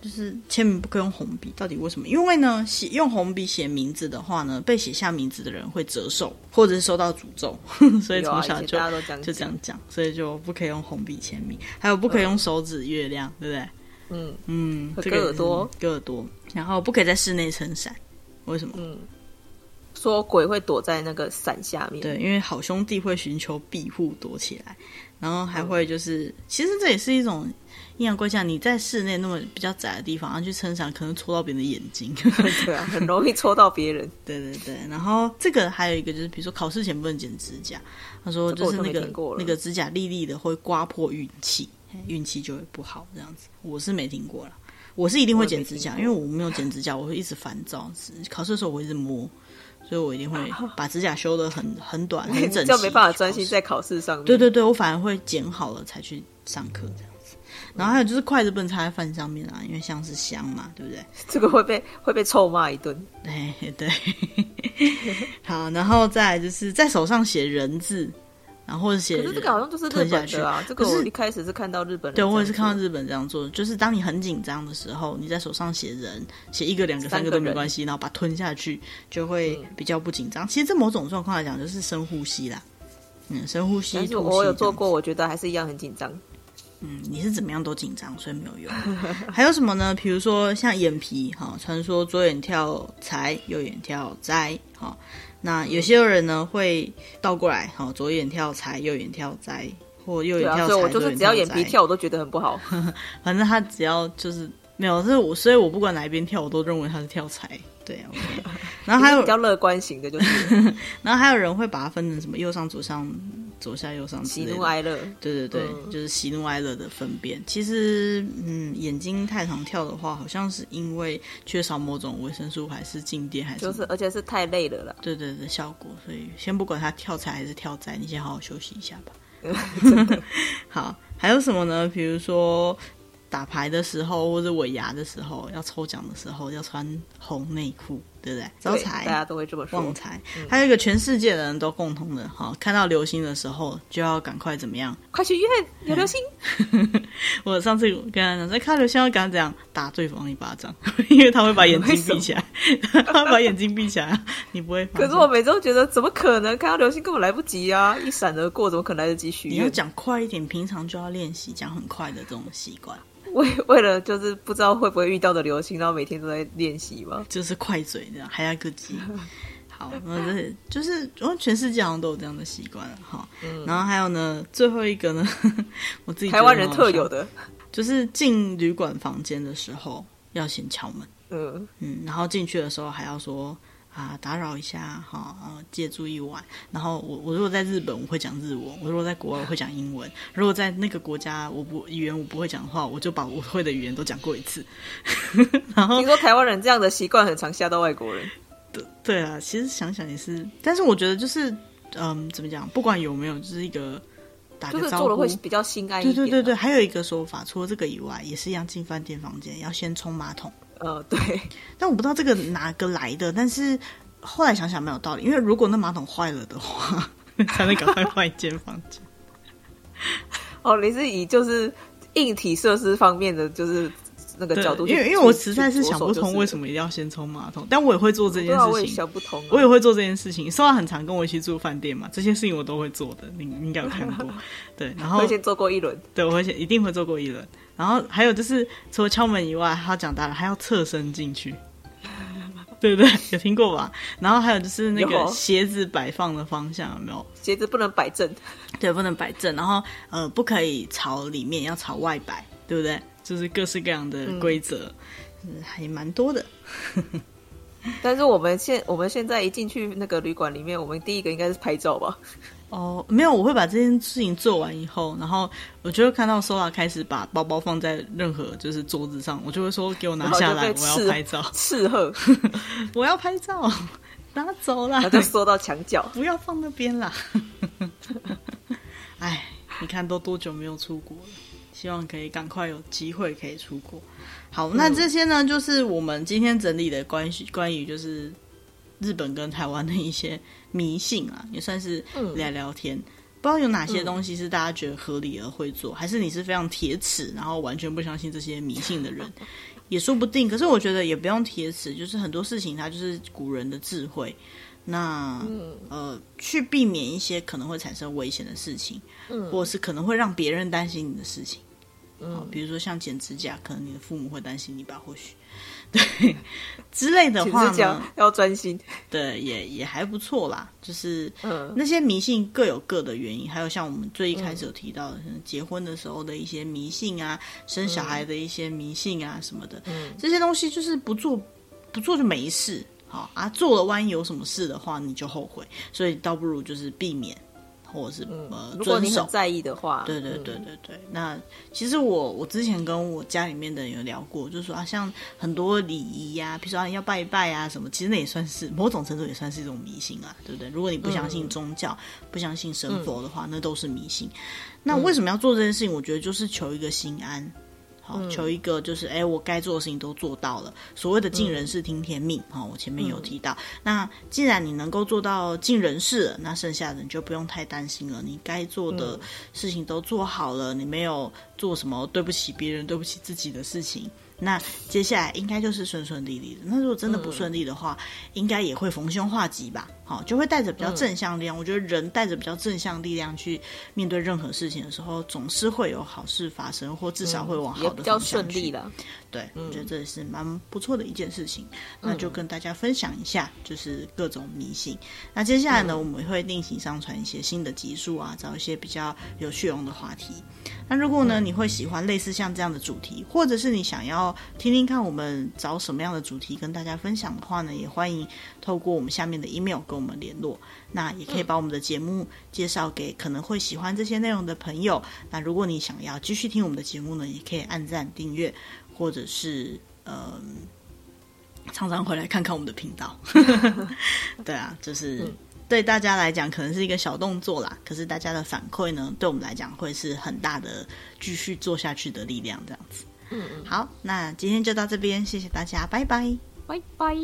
[SPEAKER 1] 就是簽名不可以用紅筆，到底為什麼？因為呢，寫用紅筆寫名字的話呢，被寫下名字的人會折壽，或者是受到詛咒呵呵，所以從小就、啊、就這樣講，所以就不可以用紅筆簽名。還有不可以用手指月亮，嗯、對不對？嗯嗯，割耳朵，割耳朵。
[SPEAKER 2] 然後不可以在室內撐傘，為什麼？嗯，說鬼會躲在那個傘下面。對，因
[SPEAKER 1] 為好兄弟會尋求庇護躲起來，然後還會就是，嗯、其實這也是一種。陰陽怪氣，你在室內那麼比較窄的地方，然、啊、後去撐傘，可能戳到別人的眼睛， 對啊，很容易戳到別人。 對對對，然後這個還有一個就是，比如說考試前不能剪指甲，他說就是那個那個指甲利利的會刮破運氣，運氣就會不好這樣子。我是沒聽過了，我是一定會剪指甲，因為我沒有剪指甲，我會一直煩躁。考試的時候我會一直摸，所以我一定會把指甲修的很很短、啊、很整齊就沒
[SPEAKER 2] 辦法專心在考試上面。 對對
[SPEAKER 1] 對，我反而會剪好了才去上課這樣。然後還有就是筷子不能插在飯上面啦、啊，因為像是香嘛，對不對？這個
[SPEAKER 2] 會被會被臭罵一頓。對對。
[SPEAKER 1] 好，然後再來就是在手上寫人字，然後或者寫，我覺得這個好像都是日本的，、啊，吞下去，這個是一
[SPEAKER 2] 開始是看到日本、就是，對，我也是看
[SPEAKER 1] 到日本這樣做的，就是當你很緊張的時候，你在手上寫人，寫一個、兩個、三個都沒關係，然後把它吞下去，就會比較不緊張。嗯、其實這某種狀況來講，就是深呼吸啦。嗯，深呼吸。但是我有做
[SPEAKER 2] 過，我覺得還是一樣很緊張。嗯，你是怎麼樣都緊張，所以沒有用。
[SPEAKER 1] 還有什麼呢？比如說像眼皮，哈、喔，傳說左眼跳財，右眼跳災，哈、喔。那有些人呢會倒過來，哈、喔，左眼跳財，右眼跳災，或右眼對、啊、跳財，所以我就是只要眼皮跳，跳我都覺得很不好。呵呵反正他只要就是沒有，是我，所以我不管哪一邊跳，我都認為他是跳財。對啊、okay、然後還有、就是、比較樂
[SPEAKER 2] 觀型的，就是，
[SPEAKER 1] 然後還有人會把它分成什麼右上、左上。左下右上，喜怒哀樂，對對對、嗯，就是喜怒哀樂的分辨。其實，嗯，眼睛太常跳的話，好像是因為缺少某種維生素，還是靜電，還是就是，而且是太累了啦。對，對對的效果。所以先不管他跳財還是跳災，你先好好休息一下吧。 好，還有什麼呢？比如說打牌的時候，或者尾牙的時候，要抽獎的時候，要穿紅內褲。對不對？招財，大家
[SPEAKER 2] 都會這麼說。旺財，
[SPEAKER 1] 還有一個全世界的人都共同的哈，看到流星的時候就要趕快怎麼樣？
[SPEAKER 2] 快去許願，流、流
[SPEAKER 1] 星。嗯、 我上次跟大家講，在看他流星要趕快樣打對方一巴掌，因為他會把眼睛閉起來， 他把眼睛閉起來，你不會。可
[SPEAKER 2] 是我每次都覺得，怎麼可能看到流星根本來不及啊？一閃而過，怎麼可能來得及？你要講快一點，平常就要練習講很快的這種習慣。為為了就是不知道會不會遇到的流星，然後每天都在練習吧，就是快
[SPEAKER 1] 嘴這樣還要個急。
[SPEAKER 2] 好，那這就是、就
[SPEAKER 1] 是哦、全世界好像都有這樣的習慣，好、哦嗯。然後還有呢，最後一個呢， 我自己覺得台灣人特有的，就是進旅館房間的時候要先敲門，嗯嗯，然後進去的時候還要說。啊，打擾一下，哈、啊，呃、啊，借住一晚。然後我，我如果在日本，我會講日文；我如果在國外，我會講英文、啊。如果在那個國家，我不，語言我不會講的話，我就把我會的語言都講過一次。 然後，聽說台
[SPEAKER 2] 灣人這樣的習慣，很常嚇到外國人。對，對啊，其實想想也是，但是我覺得就是，嗯、呃，怎麼講？不管有沒有，就是一個。
[SPEAKER 1] 就是做了會比較
[SPEAKER 2] 心安一點。對對對
[SPEAKER 1] 對，還有一個說法，除了這個以外，也是一樣進飯店房間要先沖馬桶。呃，對。但我不知道這個哪個來的，但是後來想想沒有道理，因為如果那馬桶壞了的話，
[SPEAKER 2] 才能趕快換一間房間。 哦，你是以就是硬體設施方面的，就是。那個角度，因為因為我實在是想不通為什麼一定
[SPEAKER 1] 要先沖馬桶，但我也會做這件事情。想不通、啊，我也會做這件事情。說話很常跟我一起住飯店嘛，這些事情我都會做的，你，你應該有看過。 對，然後會先做過一輪，對，我會先一定會做過一輪。 然後還有就是，除了敲門以外，他講大了，還要側身進去， 對不對？有聽過吧？然後還有就是那個鞋子擺放的方向有、哦、有沒有？鞋子不能擺正，對，不能擺正。然後呃，不可以朝
[SPEAKER 2] 裡面，要朝外擺，對不對？就是各式各樣的規則、嗯嗯，還蠻多的。 但是我們現我們現在一進去那個旅館裡面，我們第一個應該是拍照吧？
[SPEAKER 1] 哦，沒有，我會把這件事情做完以後，然後我就會看到 Sola 開始把包包放在任何就是桌子上，我就會說：“給我拿下來，我要拍照。”
[SPEAKER 2] 伺候，我要拍照，拿走啦，然後就縮到牆角，不要放那邊啦。
[SPEAKER 1] 哎， 你看都多久沒有出國了？希望可以趕快有機會可以出國。好、嗯，那這些呢，就是我們今天整理的關係關於就是日本跟台灣的一些迷信啊，也算是聊聊天、嗯。不知道有哪些東西是大家覺得合理而會做，還是你是非常鐵齒，然後完全不相信這些迷信的人，也說不定。可是我覺得也不用鐵齒，就是很多事情它就是古人的智慧，那呃，去避免一些可能會產生危險的事情，嗯，或者是可能會讓別人擔心你的事情。嗯，比如說像剪指甲，可能你的父母會擔心你吧，或許，對，之類的話講要專心，對，也也還不錯啦。就是、嗯、那些迷信各有各的原因，還有像我們最一開始有提到的，結婚的時候的一些迷信啊，生小孩的一些迷信啊什麼的，嗯，這些東西就是不做不做就沒事，好啊，做了萬一有什麼事的話，你就後悔，所以倒不如就是避免。或者是呃、嗯，如果你很在
[SPEAKER 2] 意的話，對對對對對。嗯、那
[SPEAKER 1] 其實我我之前跟我家裡面的人有聊過，就是說啊，像很多禮儀呀、啊，比如說、啊、要拜一拜啊什麼，其實那也算是某種程度也算是一種迷信啊，對不對？如果你不相信宗教，嗯、不相信神佛的話、嗯，那都是迷信。那為什麼要做這件事情？我覺得就是求一個心安。嗯嗯求一個就是，哎、嗯欸，我該做的事情都做到了。所謂的盡人事聽天命，哈、嗯哦，我前面有提到。嗯、那既然你能夠做到盡人事了，那剩下的你就不用太擔心了。你該做的事情都做好了，嗯、你沒有做什麼對不起別人、對不起自己的事情，那接下來應該就是順順利利的。那如果真的不順利的話，嗯、應該也會逢凶化吉吧？好，就會帶着比較正向力量。嗯、我覺得人帶着比較正向力量去面對任何事情的時候，總是會有好事發生，或至少會往好的方向、嗯、也比較順利的。對、嗯，我覺得這也是蠻不錯的一件事情、嗯。那就跟大家分享一下，就是各種迷信。那接下來呢，嗯、我們會另行上傳一些新的集數啊，找一些比較有趣的話題。那如果呢、嗯，你會喜歡類似像這樣的主題，或者是你想要聽聽看我們找什麼樣的主題跟大家分享的話呢，也歡迎透過我們下面的 email 跟我們聯絡。那也可以把我們的節目介紹給可能會喜歡這些內容的朋友。那如果你想要繼續聽我們的節目呢，也可以按讚訂閱。或者是嗯，常常回來看看我們的頻道， 對啊，就是、嗯、對大家來講可能是一個小動作啦，可是大家的反饋呢，對我們來講會是很大的繼續做下去的力量，這樣子。嗯，嗯，好，那今天就到這邊，謝謝大家，拜拜，
[SPEAKER 2] 拜拜。